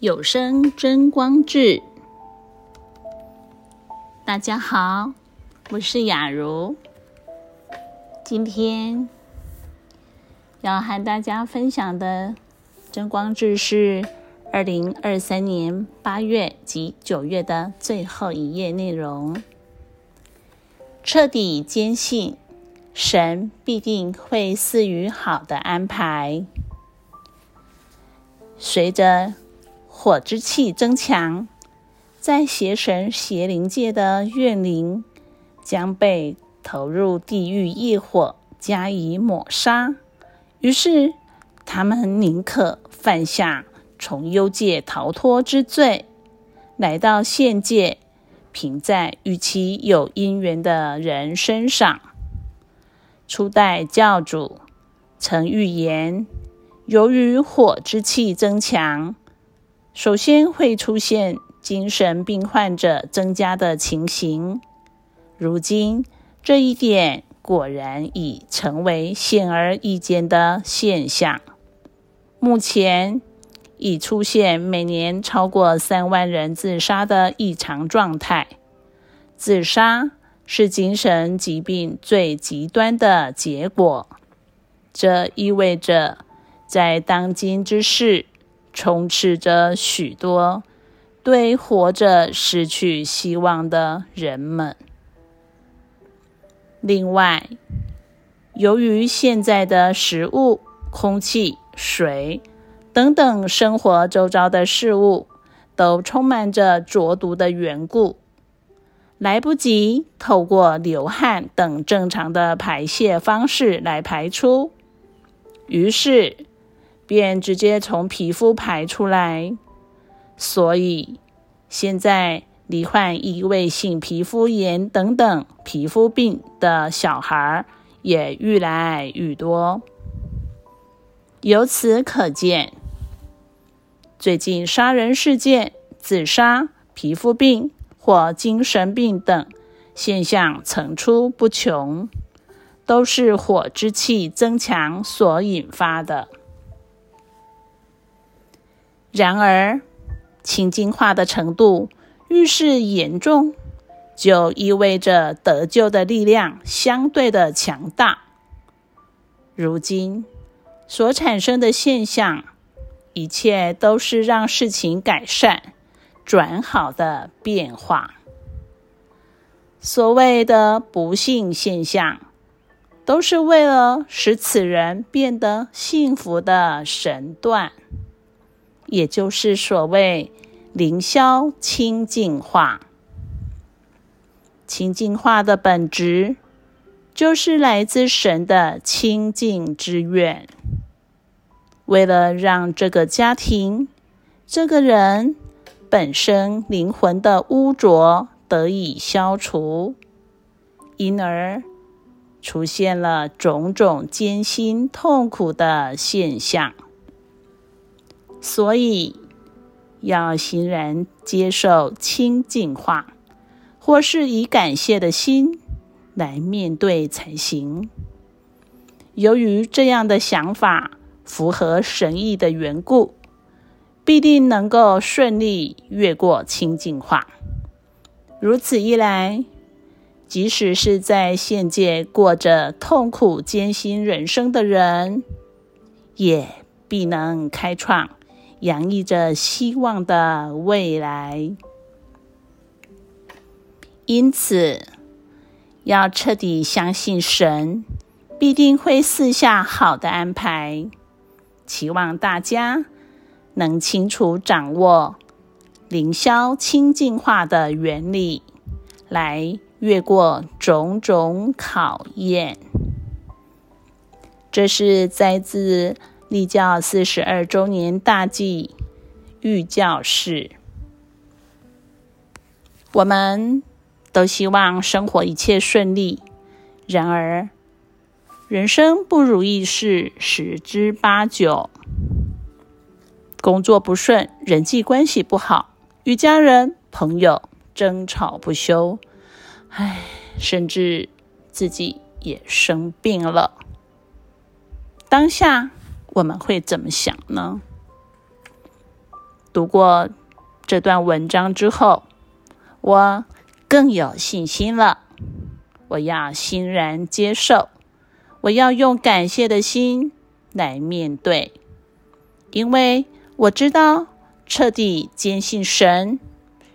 有聲真光誌，大家好，我是雅如。今天要和大家分享的真光誌是二零二三年八月及九月的最後一頁內容。徹底堅信，神必定會賜予好的安排。隨着。火之氣增強，在邪神、邪靈界的怨靈將被投入地獄業火加以抹殺。於是，他們寧可犯下從幽界逃脫之罪，來到現界，憑在與其有因緣的人身上。初代教主曾預言，由於火之氣增強。首先會出現精神病患者增加的情形。如今，這一點果然已成為顯而易見的現象。目前已出現每年超過三萬人自殺的異常狀態。自殺是精神疾病最極端的結果。這意味着，在當今之世，充斥着許多對活着失去希望的人們。另外，由於現在的食物、空氣、水等等生活周遭的事物都充滿着濁毒的緣故，來不及透過流汗等正常的排泄方式來排出，於是。便直接從皮膚排出來，所以現在罹患異位性皮膚炎等等皮膚病的小孩也愈來愈多。由此可見，最近殺人事件、自殺、皮膚病或精神病等現象層出不窮，都是火之氣增強所引發的。然而，情境化的程度愈是嚴重，就意味着得救的力量相對的強大。如今所產生的現象，一切都是讓事情改善、轉好的變化。所謂的不幸現象，都是為了使此人變得幸福的神斷。也就是所謂靈消清淨化，清淨化的本質就是來自神的清淨之願。為了讓這個家庭、這個人本身靈魂的污濁得以消除，因而出現了種種艱辛、痛苦的現象。所以，要欣然接受清淨化，或是以感謝的心來面對才行。由於這樣的想法符合神意的緣故，必定能夠順利越過清淨化。如此一來，即使是在現界過着痛苦艱辛人生的人，也必能開創。洋溢着希望的未來，因此要徹底相信神必定會賜下好的安排。期望大家能清楚掌握凌霄清淨化的原理，來越過種種考驗。這是摘自。立教四十二周年大祭，御教示。我們都希望生活一切順利，然而人生不如意事十之八九。工作不順，人際關係不好，與家人朋友爭吵不休，唉，甚至自己也生病了。當下。我們會怎麼想呢？讀過這段文章之後，我更有信心了。我要欣然接受，我要用感謝的心來面對，因為我知道徹底堅信神，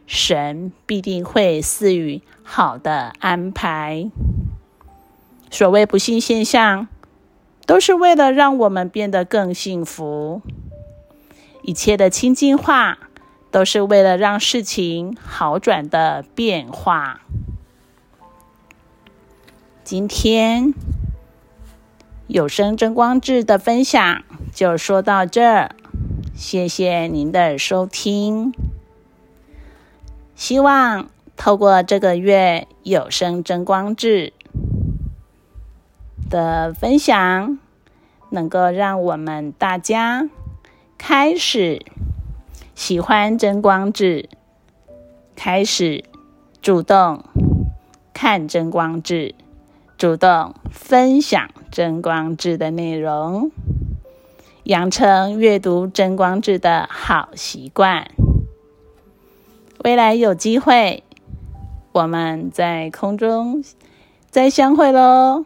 神必定會賜予好的安排。所謂不幸現象。都是為了讓我們變得更幸福。一切的清淨化，都是為了讓事情好轉的變化。今天有聲真光誌的分享就說到這兒。謝謝您的收聽。希望透過這個月有聲真光誌的分享能夠讓我們大家開始喜歡真光誌，開始主動看真光誌，主動分享真光誌的內容，養成閱讀真光誌的好習慣。未來有機會，我們在空中再相會嘍！